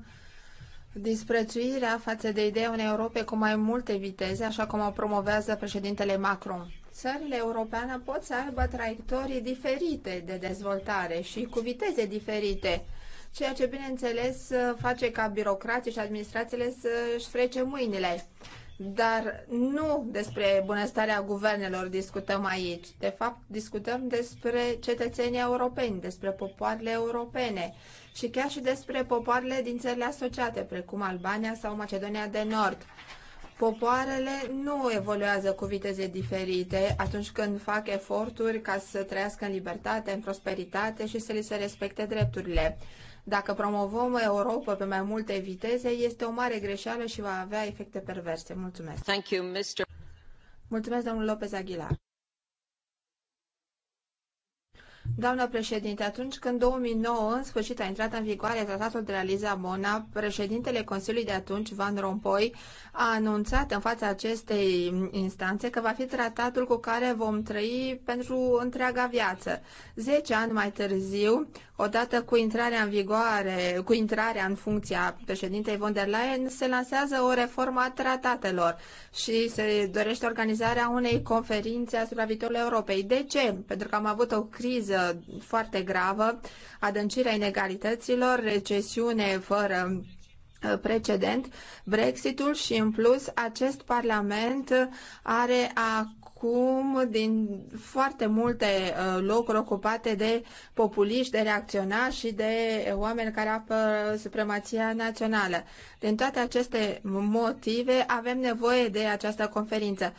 disprețuirea față de ideea unei Europe cu mai multe viteze, așa cum o promovează președintele Macron țările europene pot să aibă traiectorii diferite de dezvoltare și cu viteze diferite, ceea ce, bineînțeles, face ca birocrații și administrațiile să-și frece mâinile. Dar nu despre bunăstarea guvernelor discutăm aici. De fapt, discutăm despre cetățenii europeni, despre popoarele europene și chiar și despre popoarele din țările asociate, precum Albania sau Macedonia de Nord. Popoarele nu evoluează cu viteze diferite atunci când fac eforturi ca să trăiască în libertate, în prosperitate și să li se respecte drepturile. Dacă promovăm Europa pe mai multe viteze, este o mare greșeală și va avea efecte perverse. Mulțumesc. Thank you, Mr. Mulțumesc, domnul Lopez Aguilar. Doamnă președinte, atunci când 2009 în sfârșit a intrat în vigoare tratatul de la Lisabona, președintele Consiliului de atunci, Van Rompuy, a anunțat în fața acestei instanțe că va fi tratatul cu care vom trăi pentru întreaga viață. Zece ani mai târziu, odată cu intrarea în vigoare, cu intrarea în funcția președintei von der Leyen, se lansează o reformă a tratatelor și se dorește organizarea unei conferințe asupra viitorului Europei. De ce? Pentru că am avut o criză foarte gravă, adâncirea inegalităților, recesiune fără uh, precedent, Brexitul și în plus acest parlament are acum din foarte multe uh, locuri ocupate de populiști, de reacționari și de oameni care apără supremația națională. Din toate aceste motive avem nevoie de această conferință.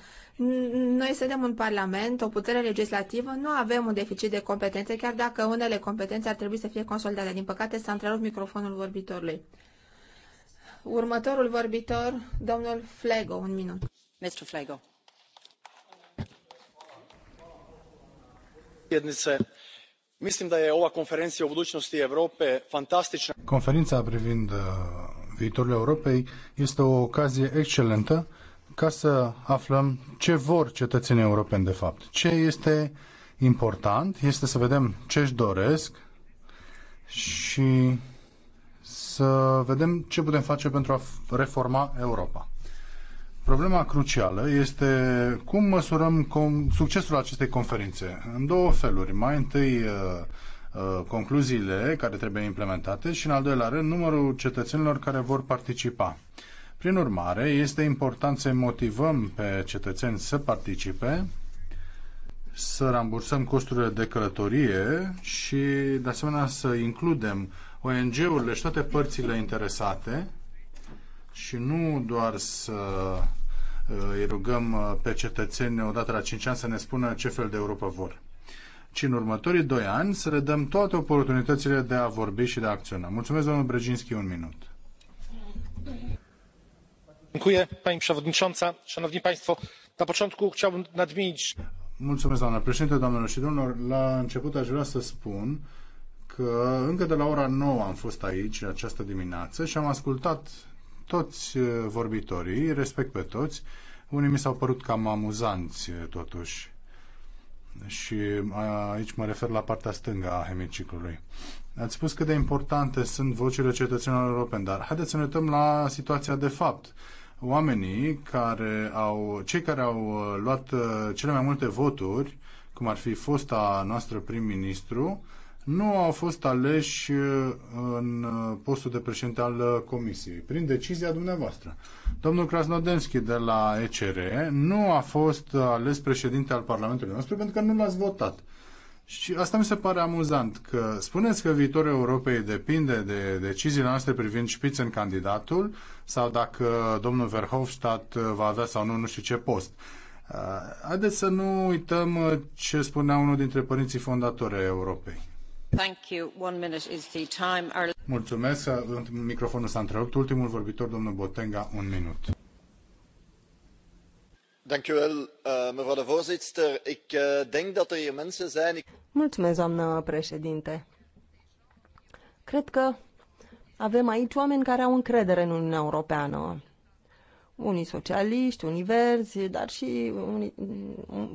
Noi suntem un parlament, o putere legislativă, nu avem un deficit de competențe, chiar dacă unele competențe ar trebui să fie consolidate. Din păcate s-a întrerupt microfonul vorbitorului. Următorul vorbitor, domnul Flego, un minut. Mr. Flego. Da ova Conferința privind uh, viitorul Europei este o ocazie excelentă ca să aflăm ce vor cetățenii europeni de fapt. Ce este important este să vedem ce își doresc și să vedem ce putem face pentru a reforma Europa. Problema crucială este cum măsurăm com- succesul acestei conferințe. În două feluri. Mai întâi uh, uh, concluziile care trebuie implementate și, în al doilea rând, numărul cetățenilor care vor participa. Prin urmare, este important să motivăm pe cetățeni să participe, să rambursăm costurile de călătorie și, de asemenea, să includem ONG-urile și toate părțile interesate și nu doar să uh, îi rugăm uh, pe cetățeni odată la 5 ani să ne spună ce fel de Europa vor, ci în următorii 2 ani să le dăm toate oportunitățile de a vorbi și de a acționa. Mulțumesc, domnul Brăginski, un minut pani państwo! na początku chciałbym nadmienić. mulțumesc doamnă președintă doamnelor și domnilor la început aș vrea să spun că încă de la ora nouă am fost aici această dimineață și am ascultat toți eh, vorbitorii, respect pe toți. Unii mi s-au părut cam amuzanți eh, totuși. Și eh, aici mă refer la partea stângă a hemiciclului. Ați spus cât de importante sunt vocile cetățenilor europeni, dar haideți să ne uităm la situația de fapt oamenii care au, cei care au uh, luat uh, cele mai multe voturi, cum ar fi fosta noastră prim-ministru, nu au fost aleși uh, în postul de președinte al Comisiei, prin decizia dumneavoastră. Domnul Krasnodenski de la ECR nu a fost ales președinte al Parlamentului nostru pentru că nu l-ați votat. Și asta mi se pare amuzant, că spuneți că viitorul Europei depinde de deciziile noastre privind în candidatul sau dacă domnul Verhofstadt va avea sau nu nu știu ce post. Uh, haideți să nu uităm uh, ce spunea unul dintre părinții fondatori ai Europei. Thank you. One minute is the time. Our... Mulțumesc. Uh, microfonul s-a întrerupt. Ultimul vorbitor, domnul Botenga, un minut Eh, eh, er doamnă președinte cred că avem aici oameni care au încredere în uniunea europeană unii socialiști, unii verzi, dar și unii,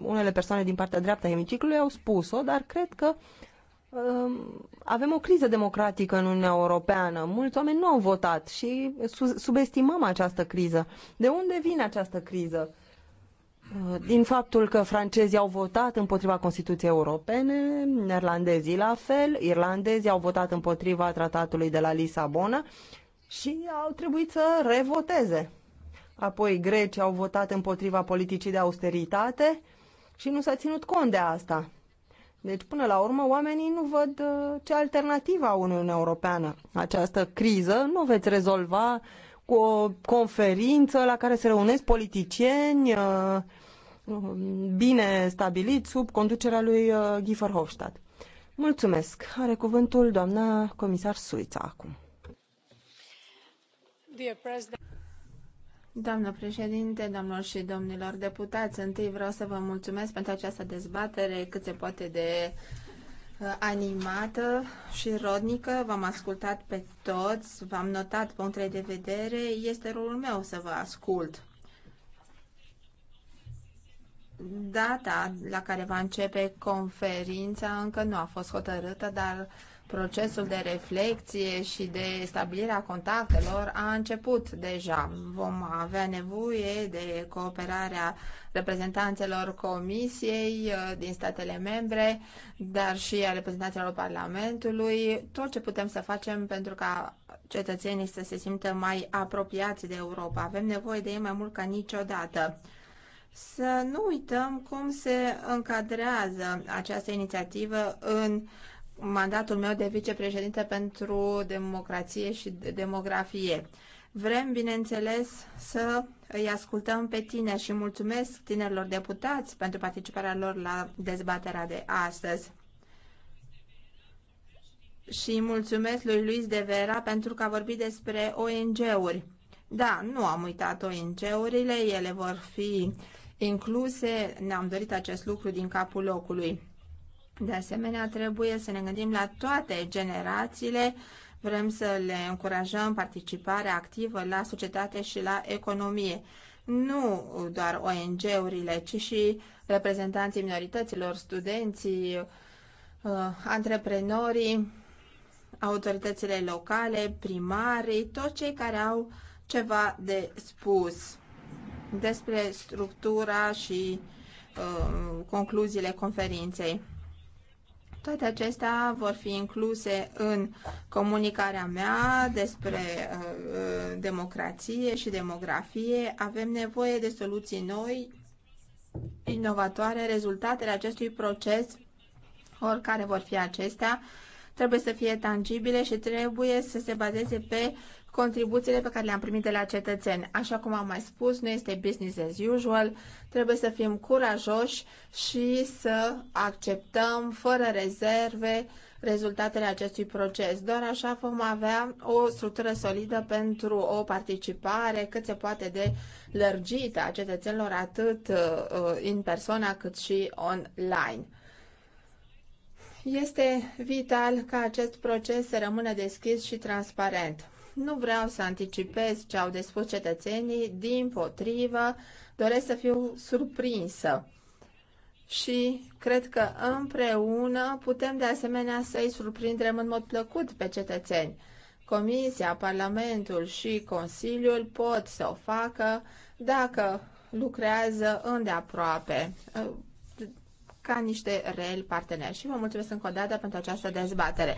unele persoane din partea dreaptă a hemiciclului au spus-o, dar cred că ehm, avem o criză democratică în Uniunea Europeană. Mulți oameni nu au votat și subestimăm această criză. De unde vine această criză? din faptul că francezii au votat împotriva Constituției Europene, neerlandezii la fel, irlandezii au votat împotriva tratatului de la Lisabona și au trebuit să revoteze. Apoi grecii au votat împotriva politicii de austeritate și nu s-a ținut cont de asta. Deci, până la urmă, oamenii nu văd uh, ce alternativă au Uniunea Europeană. Această criză nu veți rezolva uh, cu o conferință la care se reunesc politicieni uh, bine stabiliți sub conducerea lui uh, Gifford Hofstadt. Mulțumesc. Are cuvântul doamna comisar Suița acum. Doamnă președinte, domnilor și domnilor deputați, întâi vreau să vă mulțumesc pentru această dezbatere cât se poate de uh, Uh, animată și rodnică, v-am ascultat pe toți, v-am notat punctele de vedere, este rolul meu să vă ascult. Data la care va începe conferința încă nu a fost hotărâtă, dar uh, Procesul de reflexie și de stabilirea contactelor a început deja. Vom avea nevoie de cooperarea reprezentanțelor Comisiei uh, din statele membre, dar și a reprezentanților Parlamentului, tot ce putem să facem pentru ca cetățenii să se simtă mai apropiați de Europa. Avem nevoie de ei mai mult ca niciodată. Să nu uităm cum se încadrează această inițiativă în mandatul meu de vicepreședinte pentru democrație și demografie. Vrem, bineînțeles, să îi ascultăm pe tine și mulțumesc tinerilor deputați pentru participarea lor la dezbaterea de astăzi. Și mulțumesc lui Luis de Vera pentru că a vorbit despre ONG-uri. Da, nu am uitat ONG-urile, ele vor fi incluse, ne-am dorit acest lucru din capul locului. De asemenea, trebuie să ne gândim la toate generațiile, vrem să le încurajăm participarea activă la societate și la economie. Nu doar ONG-urile, ci și reprezentanții minorităților, studenții, uh, antreprenorii, autoritățile locale, primarii, toți cei care au ceva de spus despre structura și uh, concluziile conferinței. Toate acestea vor fi incluse în comunicarea mea despre uh, democrație și demografie. Avem nevoie de soluții noi, inovatoare. Rezultatele acestui proces, oricare vor fi acestea, trebuie să fie tangibile și trebuie să se bazeze pe contribuțiile pe care le-am primit de la cetățeni. Așa cum am mai spus, nu este business as usual, Trebuie să fim curajoși și să acceptăm fără rezerve rezultatele acestui proces. Doar așa vom avea o structură solidă pentru o participare cât se poate de lărgită a cetățenilor atât uh, în persoană, cât și online. Este vital ca acest proces să rămână deschis și transparent. Nu vreau să anticipez ce au de spus cetățenii, din potrivă, doresc să fiu surprinsă. Și cred că împreună putem de asemenea să îi surprindem în mod plăcut pe cetățeni. Comisia, Parlamentul și Consiliul pot să o facă dacă lucrează îndeaproape uh, ca niște reali parteneri. Și vă mulțumesc încă o dată pentru această dezbatere.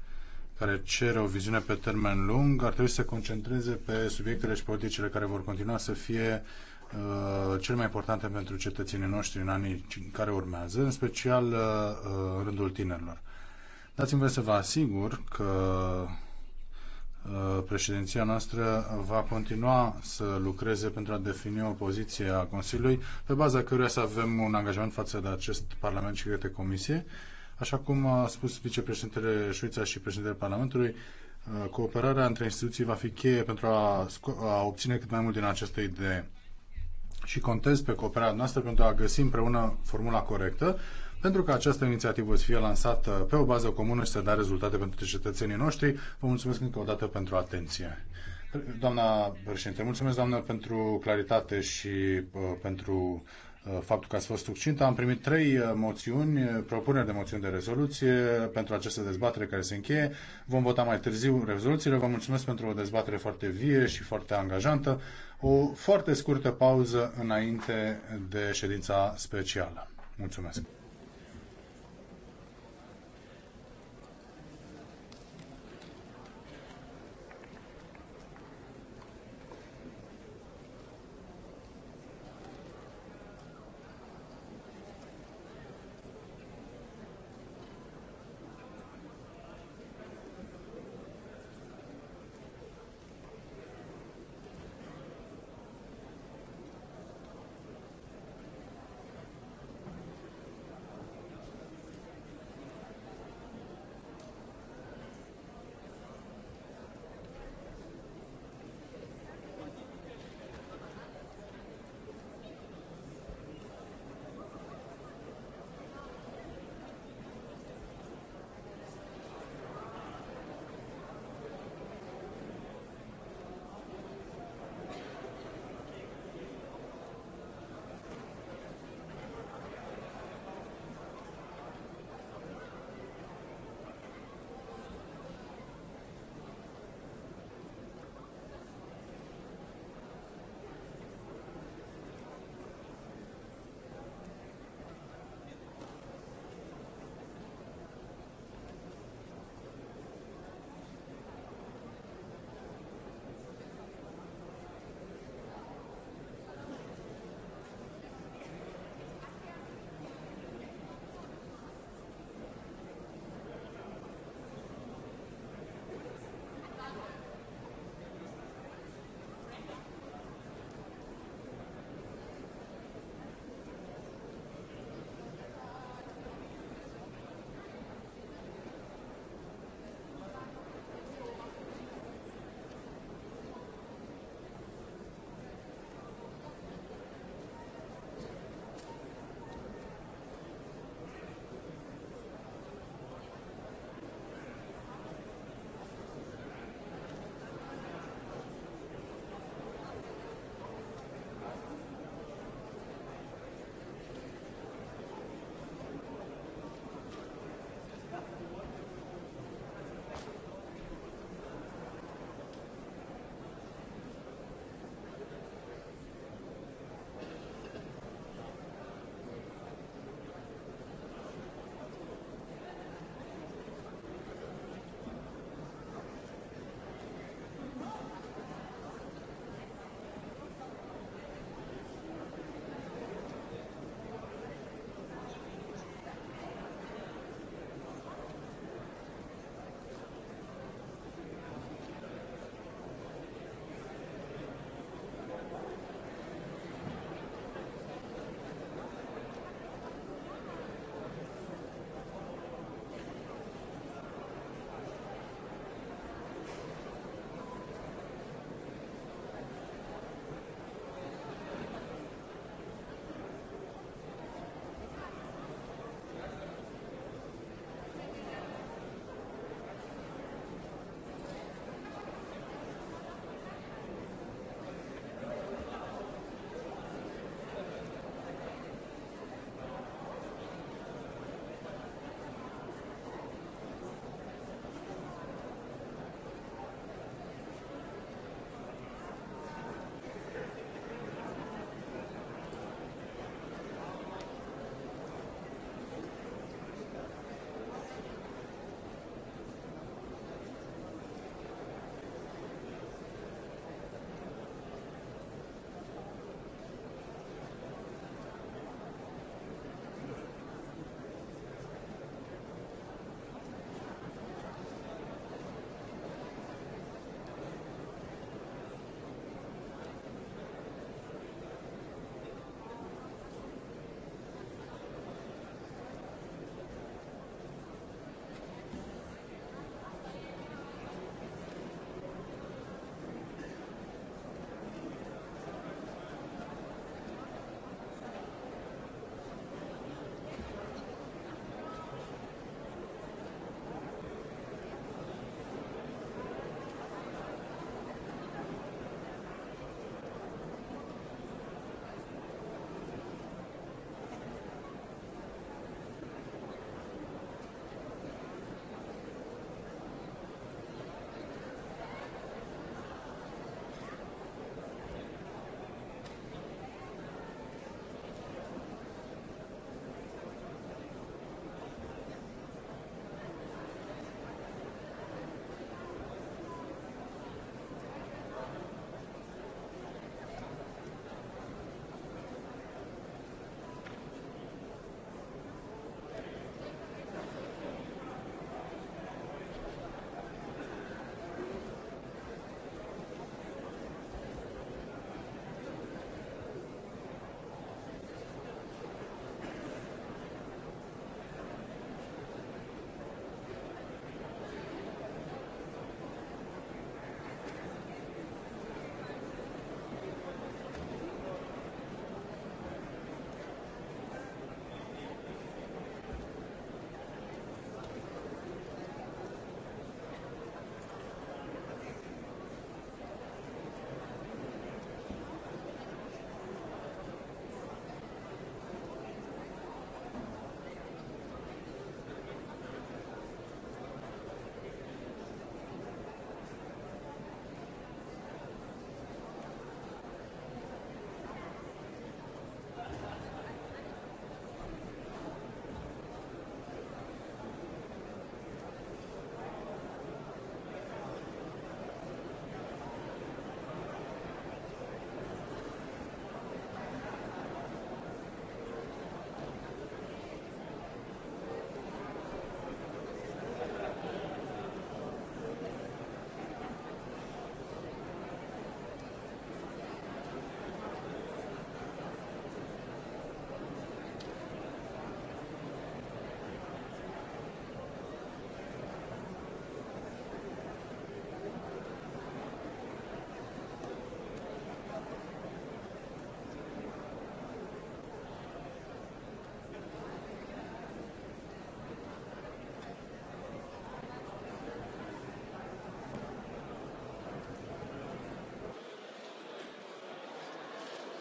care cere o viziune pe termen lung, ar trebui să se concentreze pe subiectele și politicile care vor continua să fie uh, cele mai importante pentru cetățenii noștri în anii care urmează, în special uh, uh în rândul tinerilor. Dați-mi să vă asigur că uh, președinția noastră va continua să lucreze pentru a defini o poziție a Consiliului pe baza căruia să avem un angajament față de acest Parlament și către Comisie Așa cum a spus vicepreședintele Șuița și președintele Parlamentului, uh, cooperarea între instituții va fi cheie pentru a, a obține cât mai mult din această idee. Și contez pe cooperarea noastră pentru a găsi împreună formula corectă, pentru că această inițiativă să fie lansată pe o bază comună și să dea rezultate pentru cetățenii noștri. Vă mulțumesc încă o dată pentru atenție. Doamna președinte, mulțumesc, doamnă, pentru claritate și uh, pentru Uh, faptul că ați fost succint. Am primit trei uh, moțiuni, uh, propuneri de moțiuni de rezoluție pentru această dezbatere care se încheie. Vom vota mai târziu rezoluțiile. Vă mulțumesc pentru o dezbatere foarte vie și foarte angajantă. O foarte scurtă pauză înainte de ședința specială. Mulțumesc!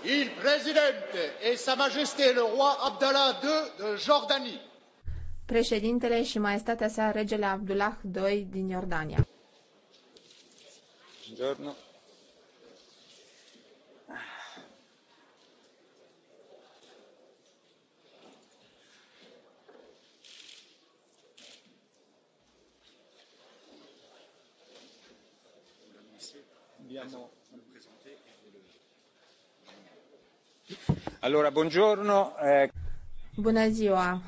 Il presidente sa majesté le roi Abdallah II de Jordanie. Președintele și maestatea sa regele Abdullah II din Iordania. Buongiorno. Abbiamo Eh. Bună ziua,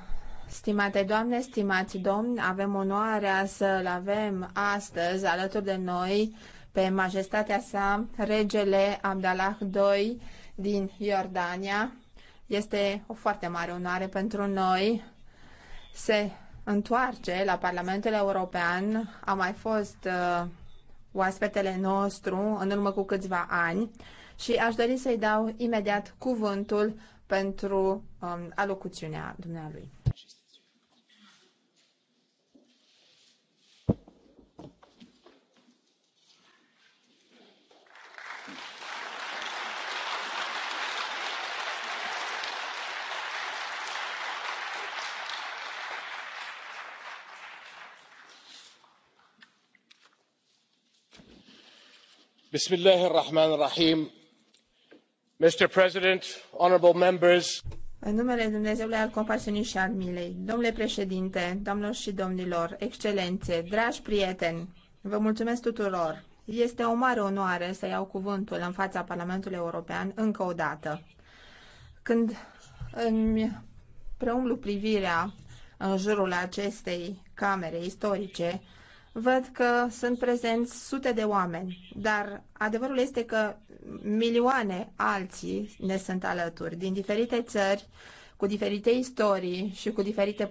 stimate doamne, stimați domni. Avem onoarea să-l avem astăzi alături de noi pe majestatea sa, regele Abdallah II din Iordania. Este o foarte mare onoare pentru noi. Se întoarce la Parlamentul European. A mai fost uh, oaspetele nostru în urmă cu câțiva ani și aș dori să-i dau imediat cuvântul pentru um, alocuțiunea dumnealui. بسم الله الرحمن الرحيم Mr. President, members. În numele Dumnezeului al compasiunii și al milei, domnule președinte, domnilor și domnilor, excelențe, dragi prieteni, vă mulțumesc tuturor. Este o mare onoare să iau cuvântul în fața Parlamentului European încă o dată. Când îmi preumblu privirea în jurul acestei camere istorice, văd că sunt prezenți sute de oameni, dar adevărul este că milioane alții ne sunt alături, din diferite țări, cu diferite istorii și cu diferite